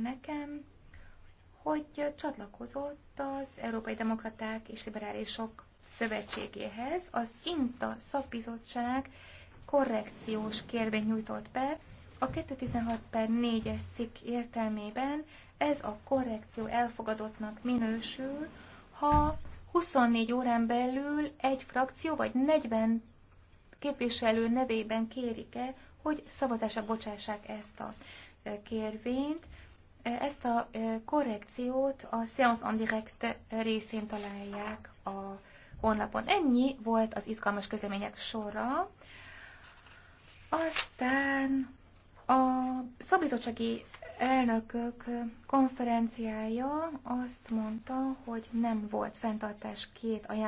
nekem, hogy csatlakozott az Európai Demokraták és Liberálisok Szövetségéhez. Az INTA szakbizottság korrekciós kérvényt nyújtott be a 216 per 4-es cikk értelmében. Ez a korrekció elfogadottnak minősül, ha 24 órán belül egy frakció vagy 40 képviselő nevében kérik-e, hogy szavazásra bocsássák ezt a kérvényt. Ezt a korrekciót a Seance on Direct részén találják a honlapon. Ennyi volt az izgalmas közlemények sora. Aztán a szabizottsági elnökök konferenciája azt mondta, hogy nem volt fenntartás két ajánlás.